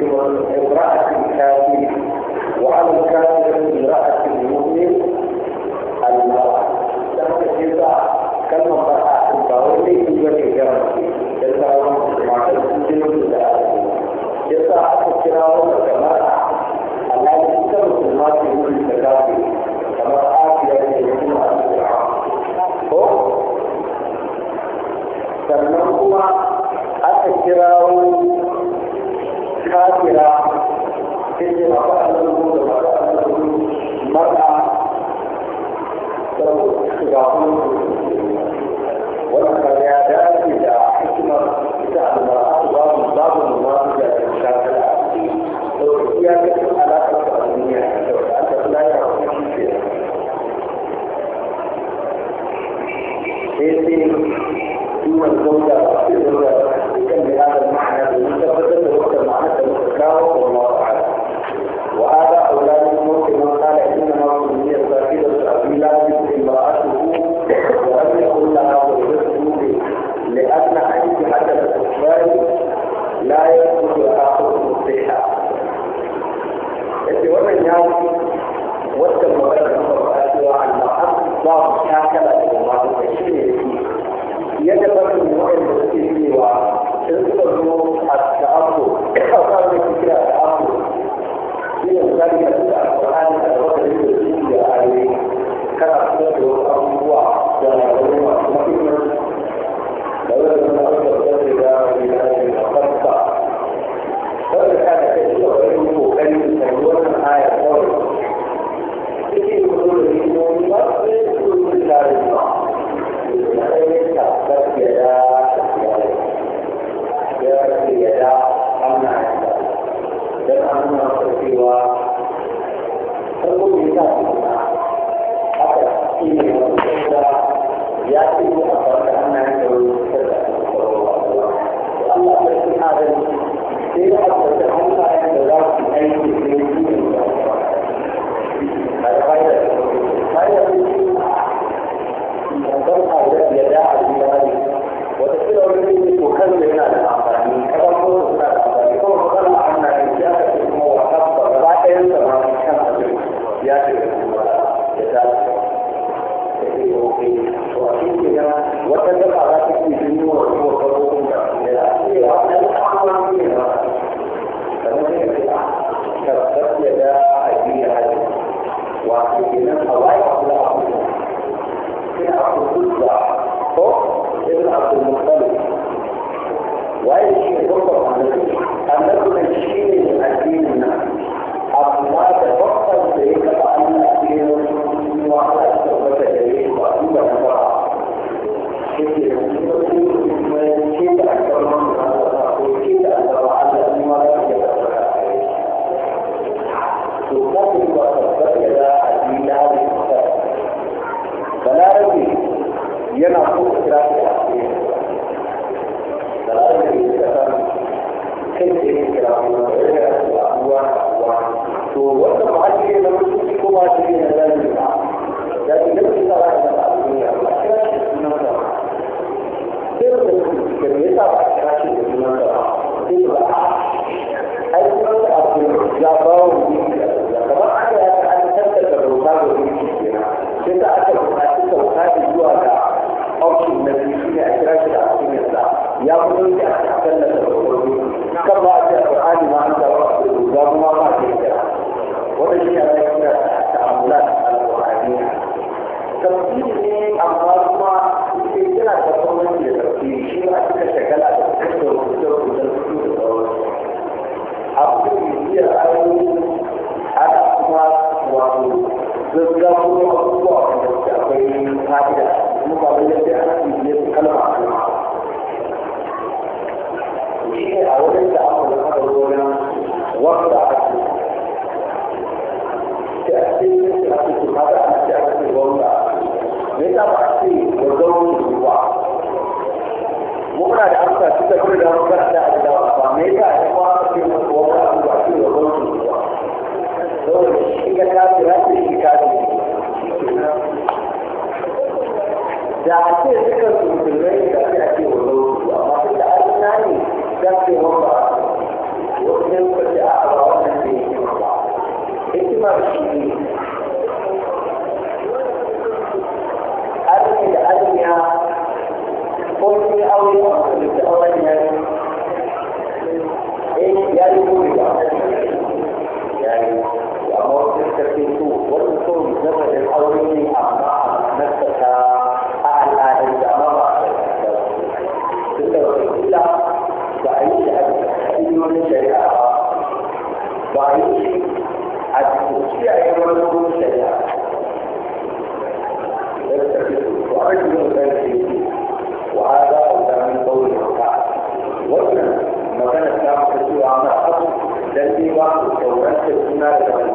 people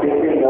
within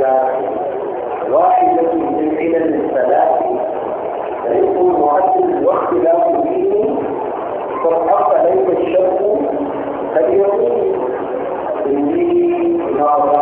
العباد واحدة من علل الثلاث رزق معدل واختلاف دينه فالحق ليس الشك قد يكون به نارا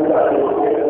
nígbà tó ń bẹ̀rẹ̀.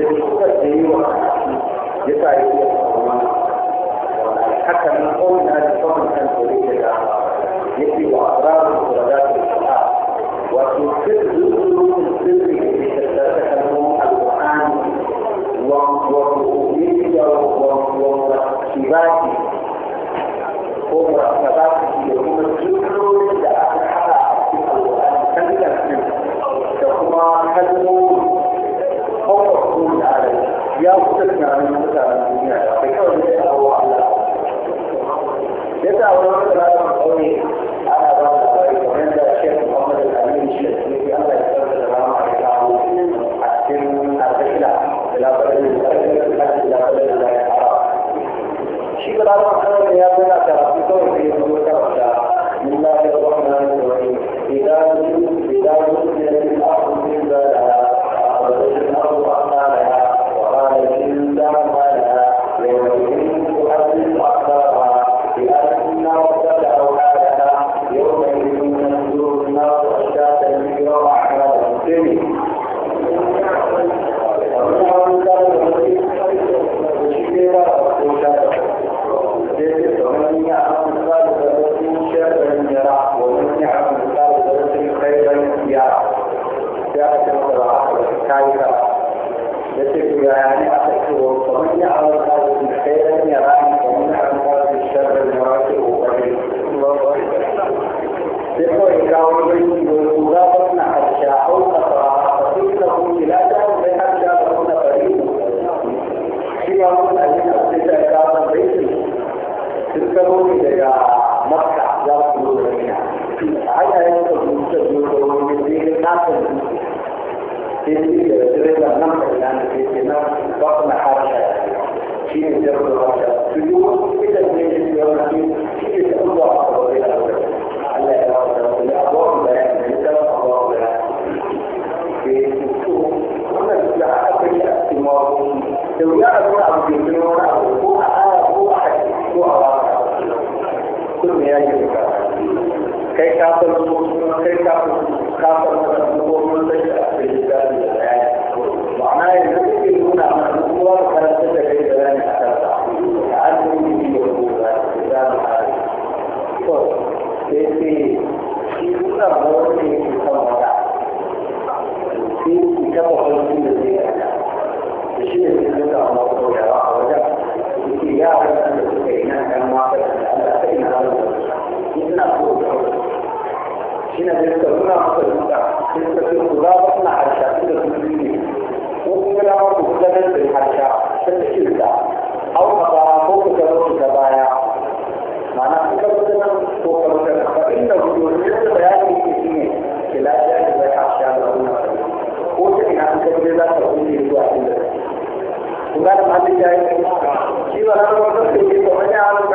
da cutar da yi wa ya sa yi ya kuma haka nan kawai na da kawai kan tsoro da ya yake wa ƙararru da za su shiga wato sirrin sirrin da ke tattara kalmomin alƙur'ani wa wa wa wa wa wa هنا بيستخدمها مثل بيستخدم خضار مع الحرشة ممكن لها برضه تستخدم في الحرشة تشكيل أو خطرات فوق كبيرة كبايا معناها كبيرة فوق كبيرة فإن الوجود ليس بيان كثير كلا شيء بيحاشا لهم وكأنها كبيرة تقوم بالواحد உங்களால் மாத்திட்டாய் ஜீவனாக மட்டும் செய்யும் கொஞ்சம் ஆளுங்க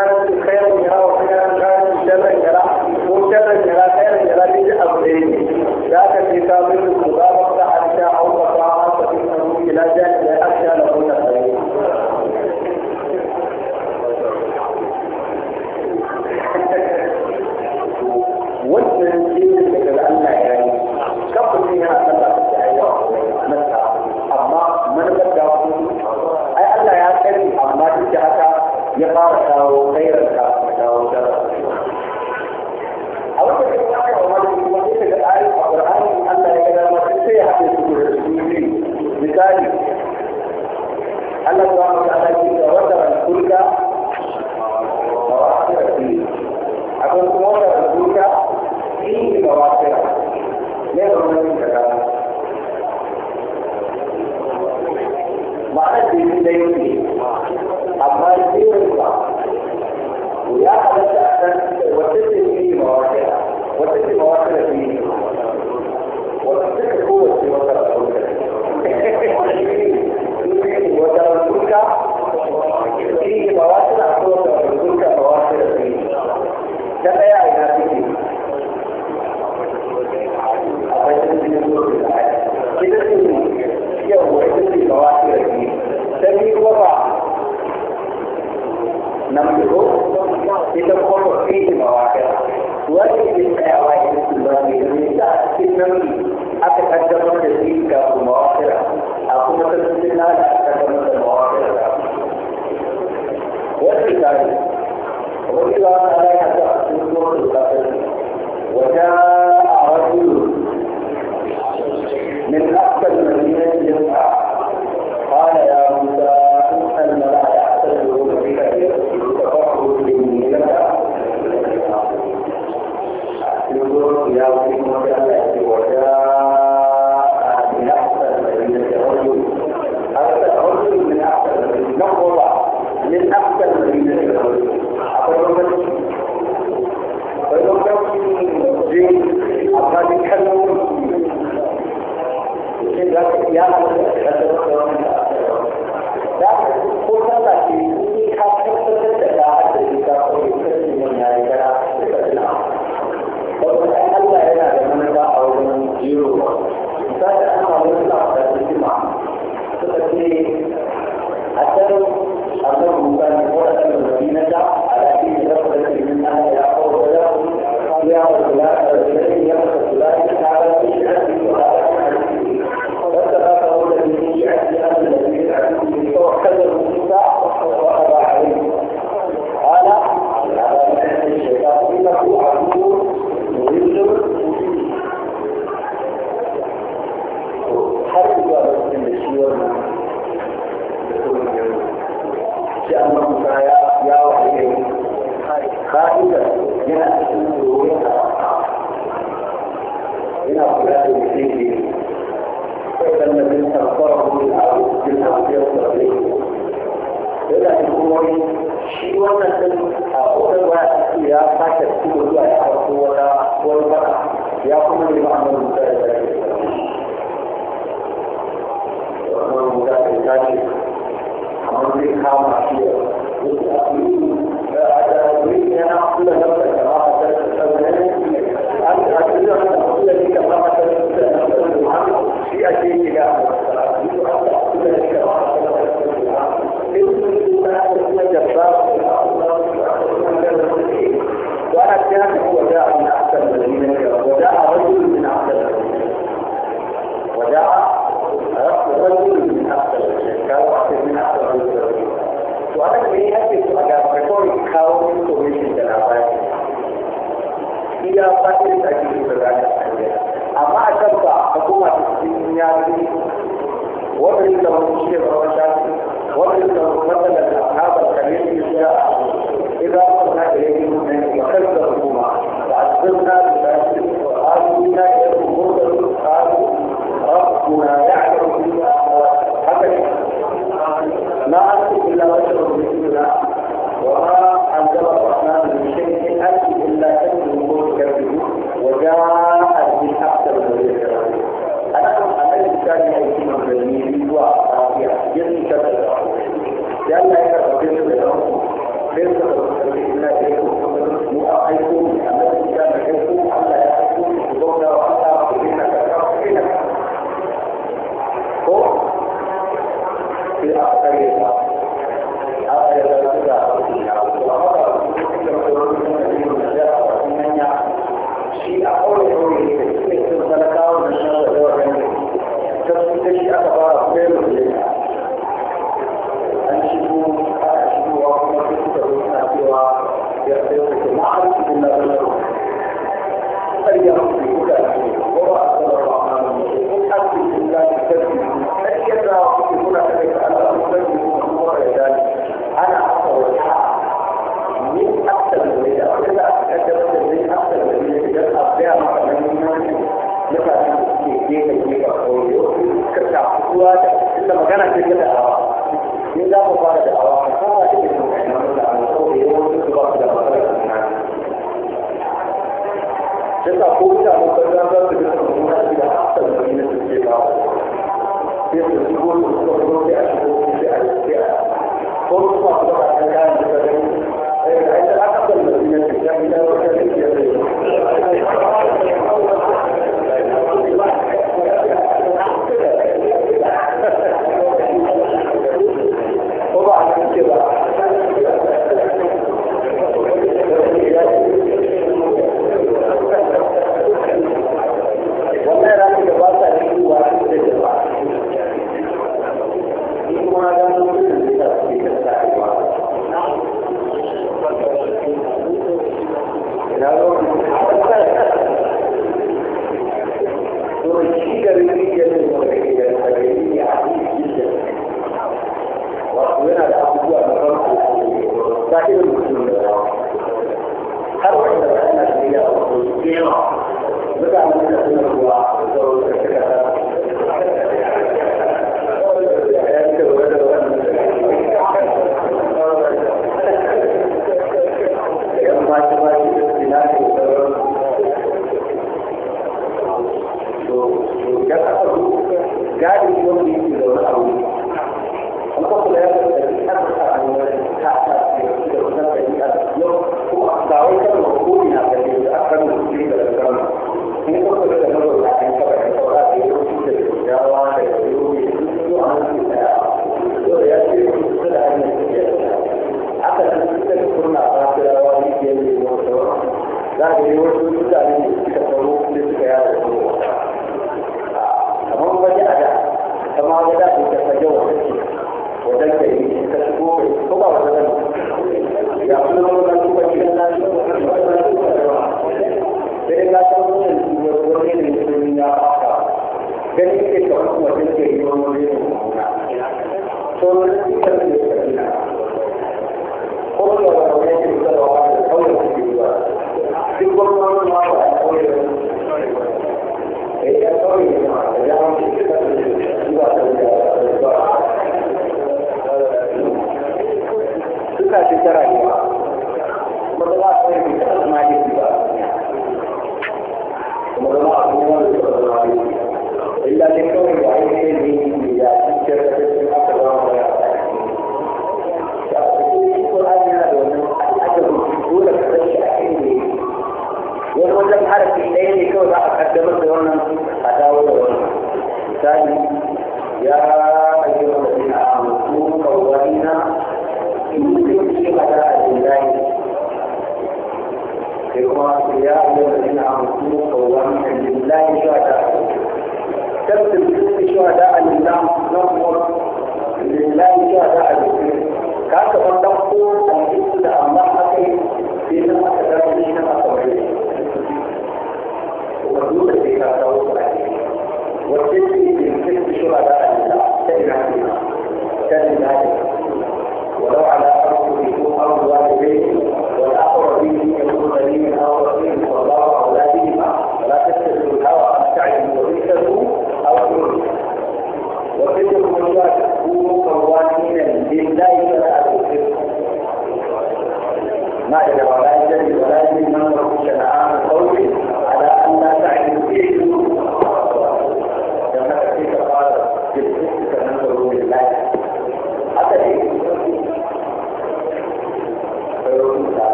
Thank you.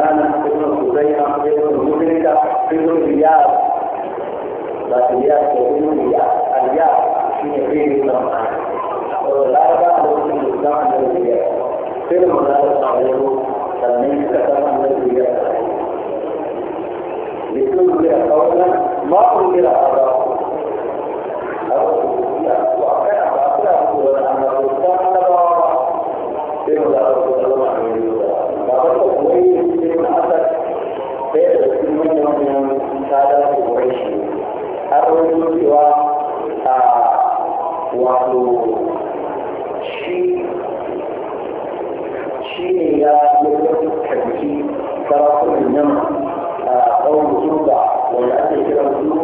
سفيان ابن حذيفه ابن مدركه ابن رياض رياض ابن رياض الرياض في غير القران والاربعه من الاسلام الذي في المناسبه عليه تلميذ كتب الذي يقول لكل قولا ما انكر هذا cewa a wato shi ne ya yi karfi sarakunan nan a ɗaukin da wanda ake kiran su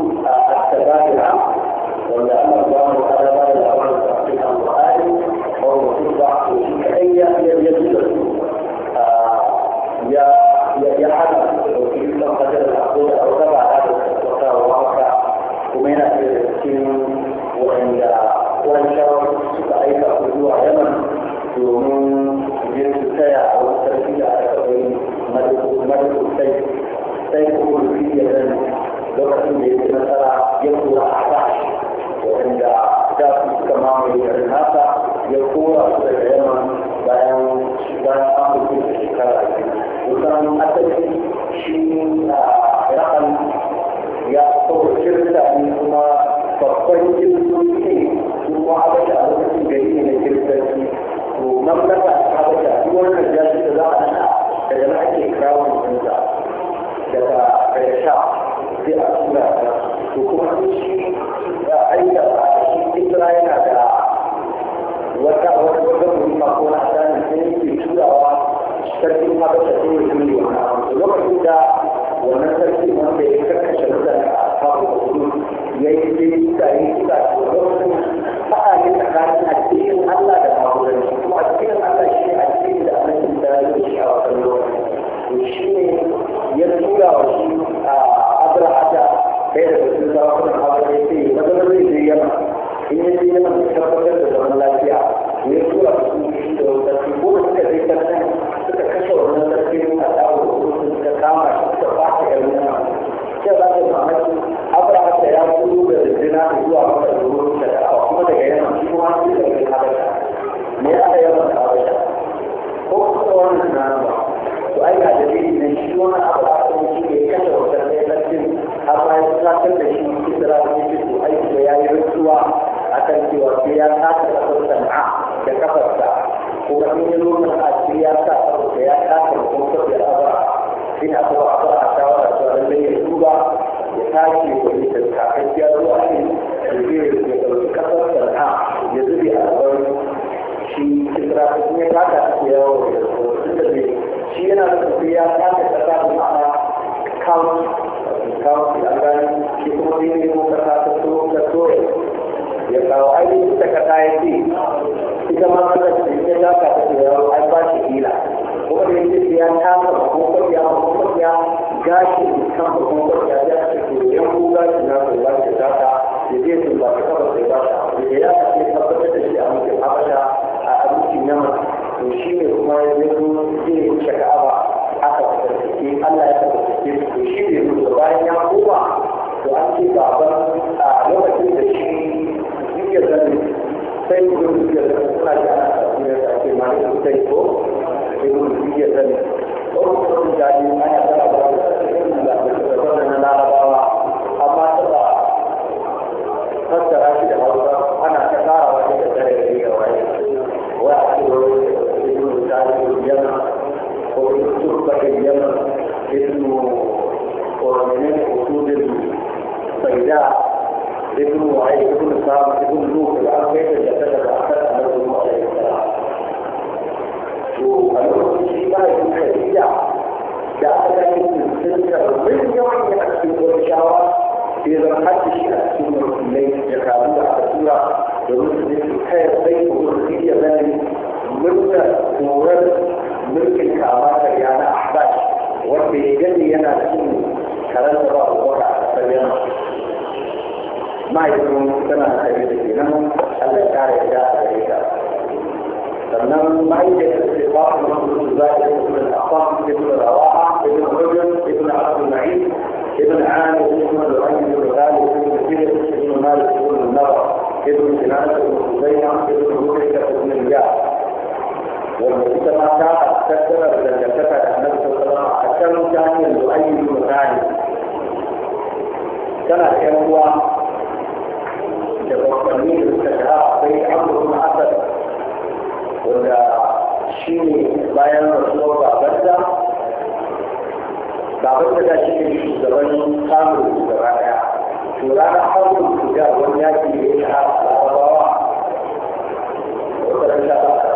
tunatar da shi cikin da shi fito aiki da ya yi rantsuwa a kan cewa sai ya kasa kasar sana'a da kafarsa ko in ya zo a sai ya sa ta ya kasa da kuma kafar azara sai a kuma a fara shawara cewa lallai ya duba ya tashi ya kwanye da ya zuwa shi ya da ya ɗauki kasar sana'a ya zube a gaban shi cikin da ya kasa da yawo da shi yana da tafiya kasa ta da ma'ana kawai kawo shi an gani shi kuma ne ne mun kasa ta ta so ya kawo ta kasa ya ce ita ma ta ce ya dafa ta ce yawo an ba shi kuma da yake ya tafa ko kwafiya ko kwafiya gashi kan ko kwafiya ya ce ke yan ko gashi na ko ba shi dafa ya je su ba ta kaba sai ba ya ce tabbatar da shi a mutum bata a abincin yamma to shi ne kuma ya zo zai wuce ka'aba musulmi Allah ya tabbace su shi ne su bayan ya koma to an ce baban a lokacin da shi zuciyar zane sai yi gudu zuciyar zane suna ji ana tafiyar da ake mani su sai ko sai gudu zuciyar zane ɗauki ɗauki jaji ana tana ba da tafiyar da zaɓe na larabawa amma ta ba fassara shi da hausa ana ta ƙara wani da tare da yi gaba ne wa a cikin wani da gudu jaji yana ko in turba da yana انه ومن الأسود البيداء ابن وعيد ابن سام ابن لوط الآن كيف يتكلم أكثر عن ابن عليه السلام وقالوا في بعض الحديثة جعل من تلك الظل يوحي أكثر والشعوى إذا حد شيء أكثر من الليل يكادون على سورة ومثل الحياة بين الخير بين ملك ورد ملك الكعبات يعني wanda ya gani yana da cin karanta ba ko da sabbin ma'aikatan tana da kai da kenan Allah ya kare ta a gare ta sannan ma'aikatan da ba su nan su za ta yi kuma da akwam ibn rawaha ibn rajul ibn abdul na'im ابن عامر ابن الرجل ابن غالب ابن كثير ابن مالك ابن النضر ابن سنانة ابن خزيمة ابن مكركة ابن الجاه وكما كانت تكثر دنجتك النبي صلى الله عليه وسلم أكثر كان يؤيد مثاني كان يروى تفكرني بالاستشهاد في عمرو بن عبد ولا شيء بايان رسول الله بدا بعد da shi ne shugaban kamun shugaba daya to ranar harin da wani yaki da ya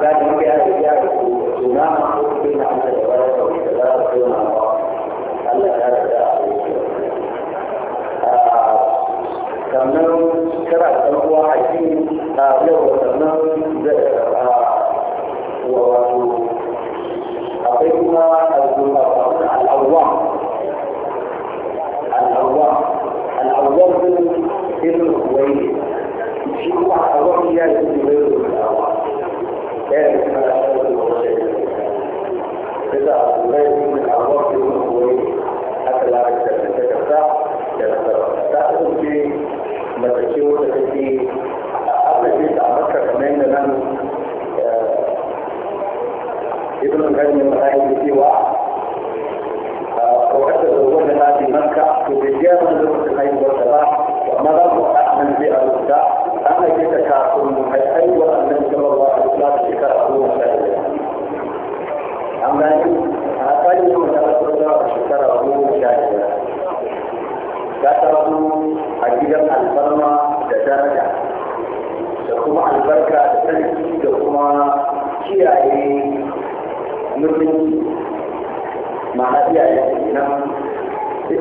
ذلك ما في أحد يعرف سنام بين أحد الجوارح والكلام بين الله الله تعالى sannan kana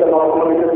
the law,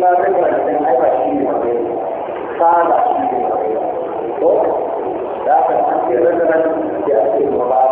ma zai wancan ai ba shi ne ya fara shi ne wani ko da aka ce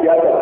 siyasa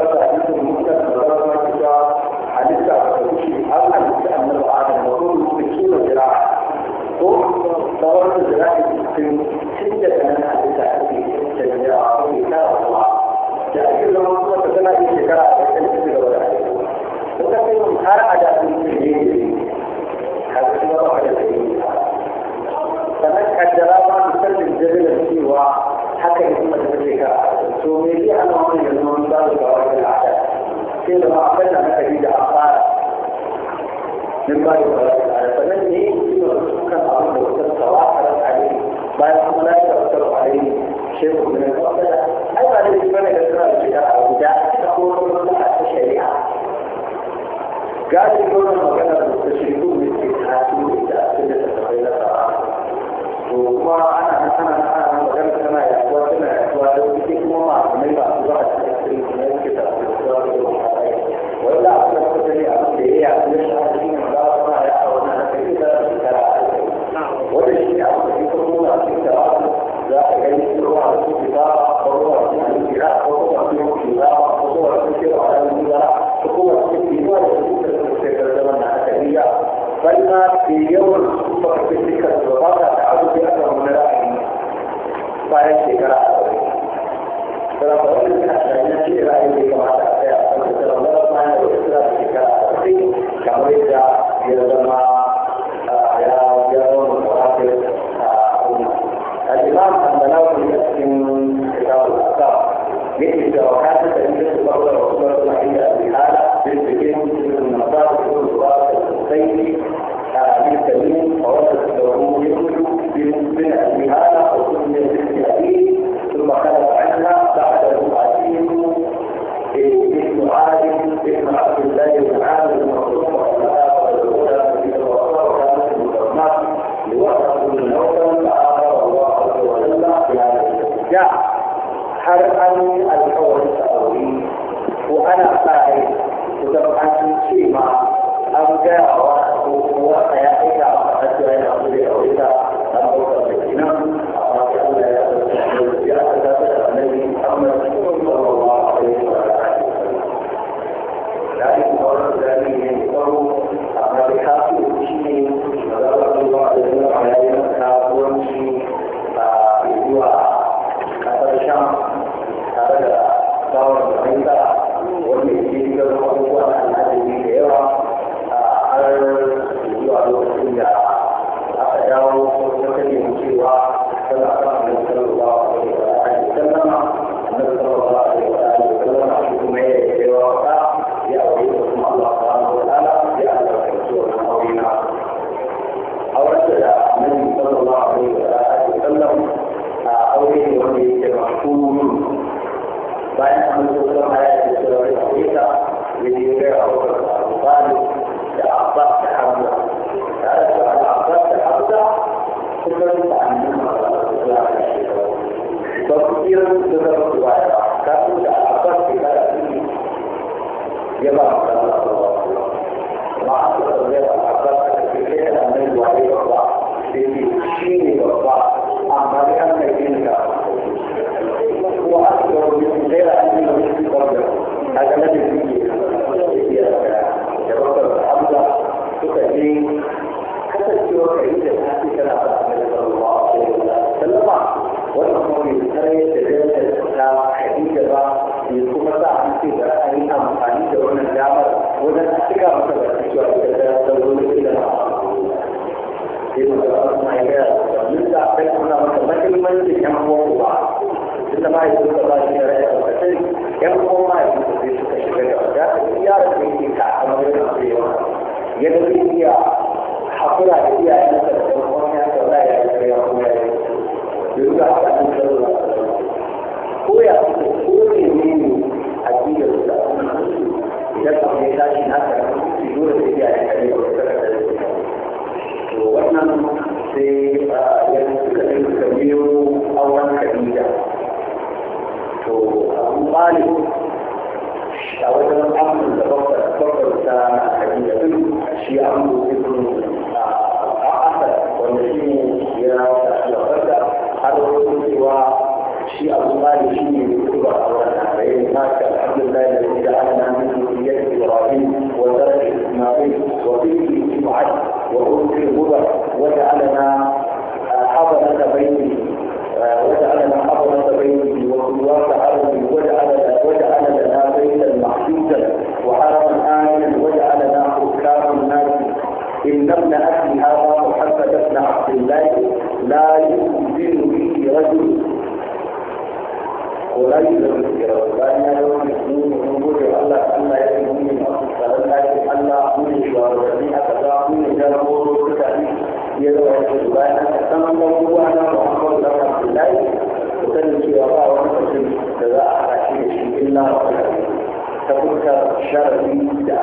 شرعي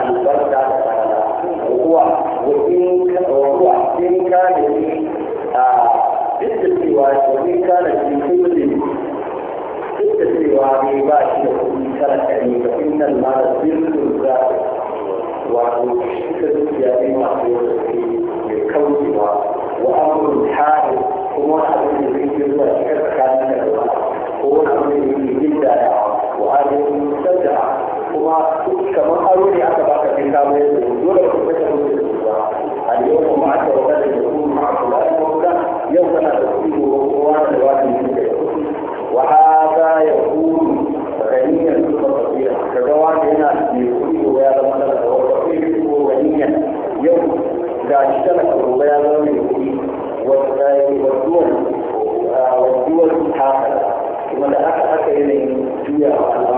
البركة وهو وإن وهو إن كان في ست السواك وإن كان في كل ست السواك باشر وإن كان كريم فإن المال سر الزاد وشك الزيادة محدودة للكون وأمر حادث هو أمر في جزء كان هو أمر في جدا وهذه مستدعى kuma kamar aro ne aka baka sai ka mai da dole ku fita ku da ruwa al yawma ma ta wa kada da ku ma ku da ku da yau kana da ku ko kowa da wani ne wa hada yaqulu ganiyan kuma tafiya kaga wani yana da kuɗi ko ya zama da wani ko ganiyan yau ga shi tana kuma ya zama mai kuɗi wanda ya yi waduwar waduwar haka kuma da aka aka yanayin juyawa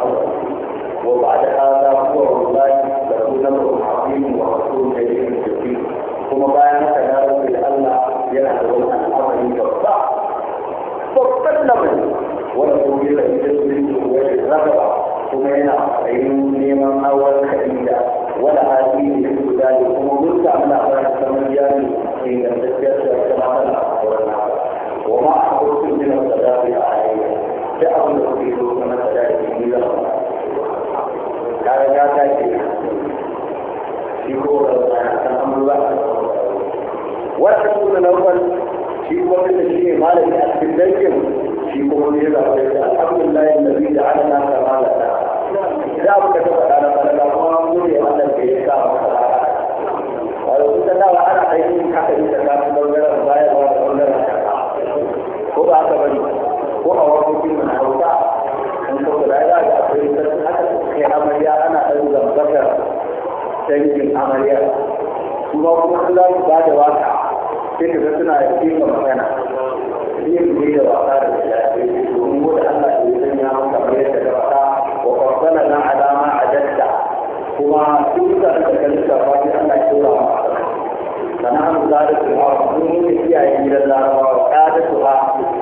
وبعد هذا هو الله لكون امر عظيم ورسول كريم شفيع ثم بان تدارك لئلا يحضر عن امر يرفع فاستسلم ولم يجد يسلم ويتركب ثم ينعم نيما اول خديجه ولا هذه مثل ذلك ثم قلت ان اخبار السمجاني حين تذكرت كما تلعب وما اخبرت من الصداقه عليه جاء من الرسول والحكم الأول في وقت الشيء ما لم يأكل ذلك في قبول الحمد لله الذي جعلنا كما لنا لا أبكت على فلك وأقول يا أهل البيت ولو كنت أنا وأنا حيث حتى يتكافي بلغنا الضايا وأنا هو أعتبر هو أوروبي من أوروبا أنت لا يجب أن تكون هناك عملية أنا أيضا ذكر شيء من عمليات kuma kuma su za su ba da waka sai ka ga suna yin magana yin ne da wasa da shi domin mu da Allah ke sanya maka mai da gabata wa qaddala lana alama ajatta kuma duk da ka ga duka ba sai Allah ya tura maka sana'an zalika wa mun ne kiyaye gidan larabawa kada su ba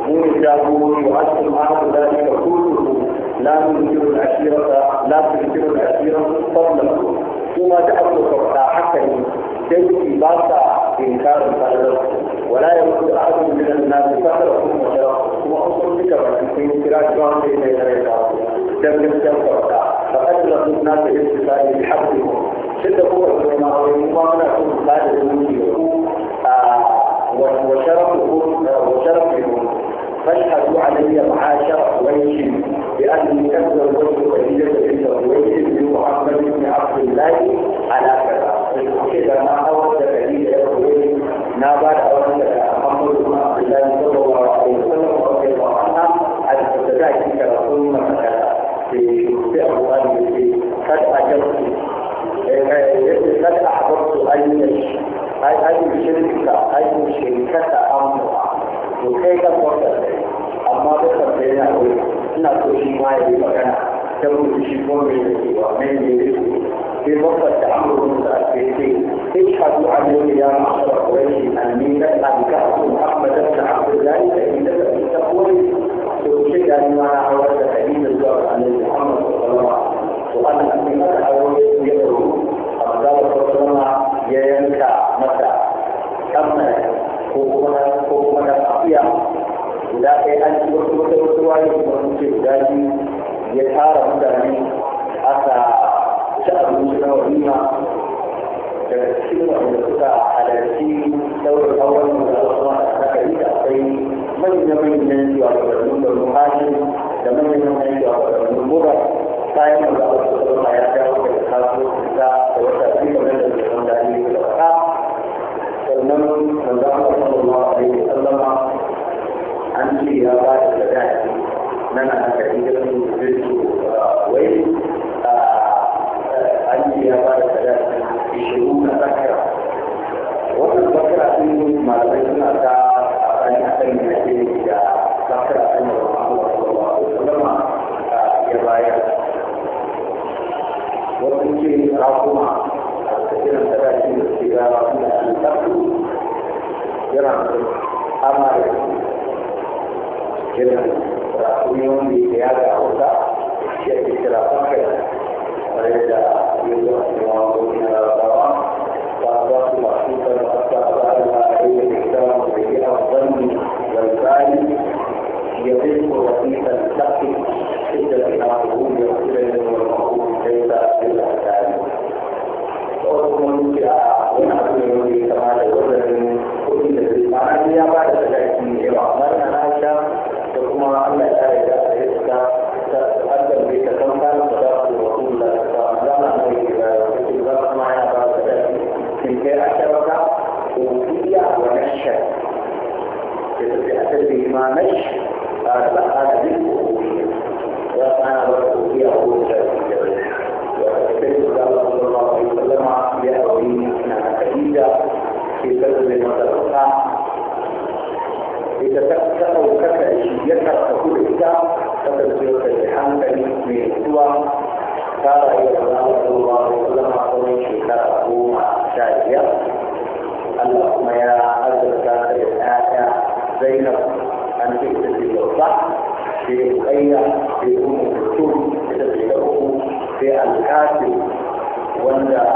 mun ne jagorori wa asul ma'adu zalika kullu la tunkiru al-ashirata la tunkiru al-ashirata fadlan kuma da abu kwafta haka ne dangi ba sa inkarin falalar wala ya mutu a abu min annas fasara kuma wata kuma an kuma duka ba su kun kira shi ba wanda ya rai da dangin dan kwafta fa kadra sunna ta istisali bi habbi tunda kuma da ma wai mu ma muna so mu bada zumunci ku a wa sharafu wa sharafu فالحقوا علي معاشر قريش بأن يكبر وجه خديجة بنت خويلد من محمد بن عبد الله على كذا كذا ما أورد خديجة خويلد نابل أورد محمد بن عبد الله صلى الله عليه وسلم رضي الله عنها أن تتذاكر رسول الله كذا في في قد أجبت قد أحببت أن أي شركة أي شركة أمرها to kai kan wata amma da tambaye na wai ina so shi ma ya yi magana ta mutu shi ko mai da ke wa mai ne ne sai wata da amurin da ake ce sai shaɗu a yau ya ma'amara kawai a ne na ɗanka a kuma ahmadar da abdullahi da inda da ita kawai to shi da ni ma na hawar da hadisi zuwa ga annabi muhammad sallallahu alaihi wasallam to an da kuma da hawo ya tsaro a da sallallahu ya yanka masa kamar ko kuma tafiya guda ɗaya an ci wasu wata wasu waye kuma ce guda ya tara mutane aka ci abinci na walima daga cikin wanda suka halarci da wasu a aka yi da akwai manya-manyan da muhajin da manyan mura kayan da za su zama ya ya ba da sadaki nan aka yi da su zirku wai an yi ya ba da sadaki ishiru na zakara wannan zakara sun yi malamai suna ta a kan akan da ke da zakara kan da wa'alama ya bayar wasu ce rakuma a cikin sadaki da ke da wa'alama yana amma da irin rakumi wanda da ya ga hausa ya ke kira kanka tare da yanzu a cikin wani na rasawa ba za su masu kan kasa ba da ma a yi da ita da yi a wani zanzani ya zai ko wasiƙar tafi inda da ina hukun da wasu da yin wani hukun da ya sa a cikin lantarki. Wasu kuma nufi a في سلم وتبقى إذا تبقى كفى يكره كل إسلام فتبقى الحمد من سوى قال إلى الله صلى الله عليه وسلم أقول شكره شاكيا اللهم يا أزرك الآية زينب أن تكتب الصح في أخية في أم كلثوم في الكاتب وأنت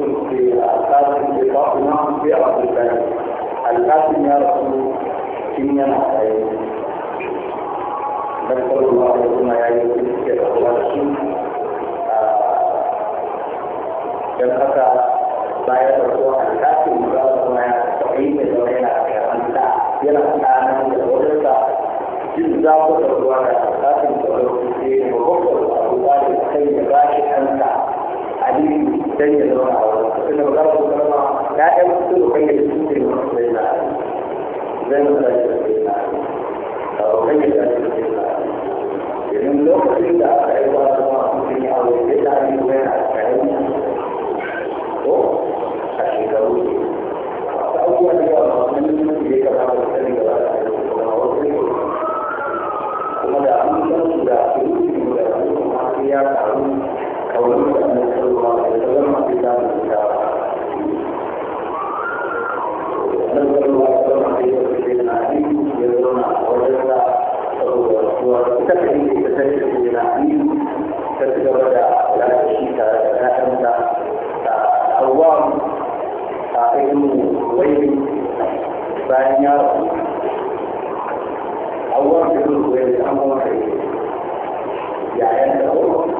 يدخل في القاسم نعم في قاسم في أرض البلد القاسم يا رسول إني أنا أعيد بل صلى الله عليه وسلم يا أيها الذين dan kata saya berdoa kasih kalau semuanya ini berdoa kita dia lah tanah berdoa kita جزء الرواية لكن الوقتين وقت الأبوال الخير باش أنت عليم dan ya zama a wani tunda ba za ku zama ya ɗan fito da kai da su ne masu zai na zai na zai na kai da zai na domin lokacin da aka yi ba zama a cikin yawon zai da yi wani a kayan ko a shekaru ne ta abubuwan da yawa masu nufin da ya kama da sani gaba da kuma da an san su da su da su ya karu او لم يكن صلى الله عليه وسلم في ذلك الكتاب نسال الله سبحانه وتعالى سيدنا علي يدعونا وجدنا وتكفي تسلسل سيدنا علي تتجرد لا تشيك لا تمنع العوام ابن ويل بان يعرف عوام ابن ويل امر يعني انت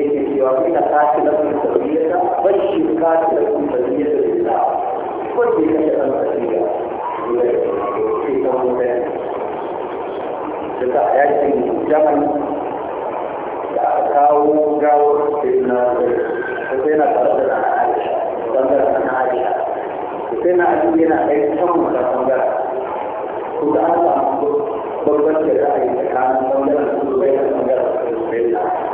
yake cewa ina tashi na kuma tarbiyyata ban shi ka ta da kuma tarbiyyata da ita ko ke kashe ɗan tarbiyya sai ta mutane da ta yakin jaman da aka kawo gawar sai na da sai na tare da na aisha bangaren na aisha da sai na aisha yana ɗaya can mutan bangaren ko da an samu babban da za a yi tsakanin bangaren su bai da bangaren su bai da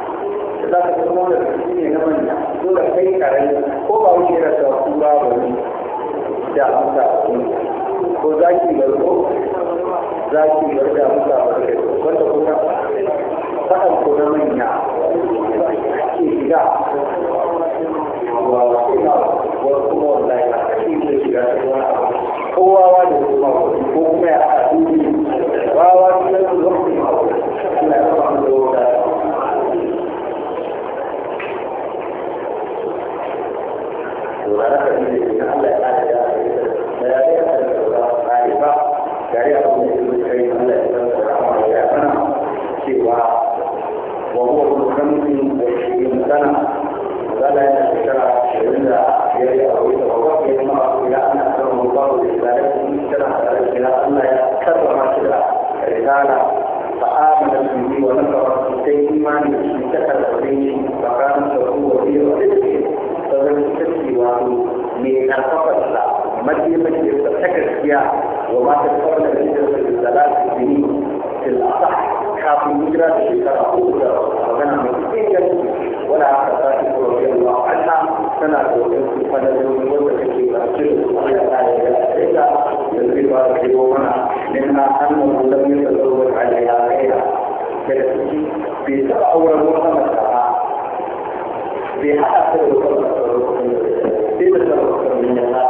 za ta ga kuma wanda shi ne na manya dole kai karami ko ba wuce yana sa kura ba ne da amsa ko zaki garko zaki garga amsa ba ne wanda kuma faɗan ko na manya ke shiga wa kuma wallahi a cikin shiga kowa wani kuma ko kuma ya haɗu wawa قيمة يتفكر فيها وما تتفرد الهجرة للثلاث سنين في الأصح كافي الهجرة لشكرة أخرى وكان مكتين ولا أخذت رضي الله عنها سنة وقت فنزل وقت في أسجل وعلى ذلك يزيد هذه ومنع منها لم يتزوج عليها غيرها في سبع أول مرة في حالة في تجربة من الناس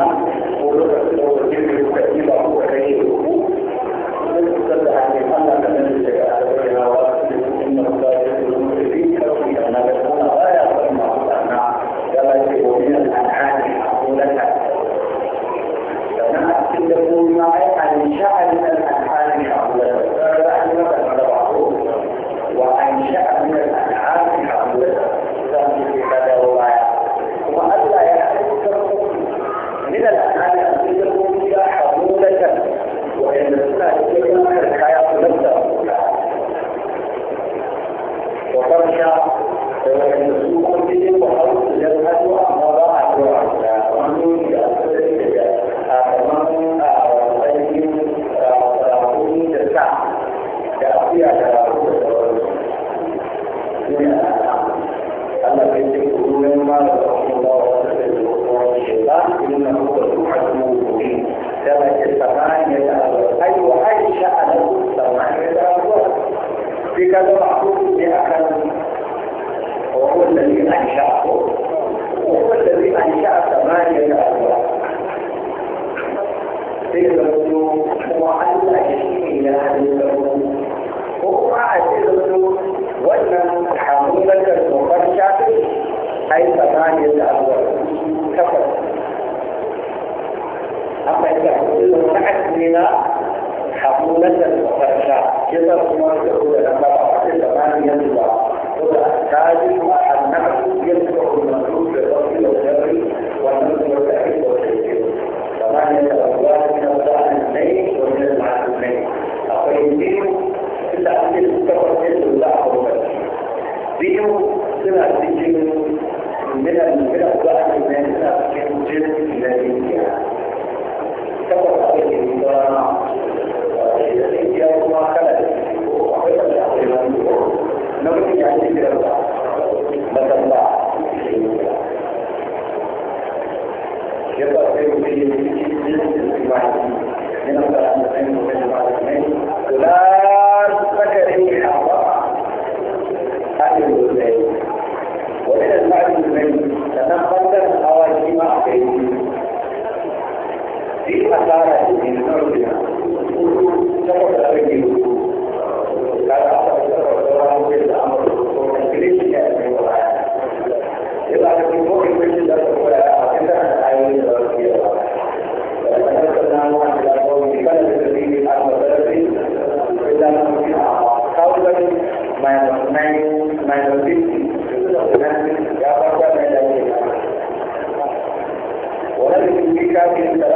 ಸಾಧ್ಯ kafin da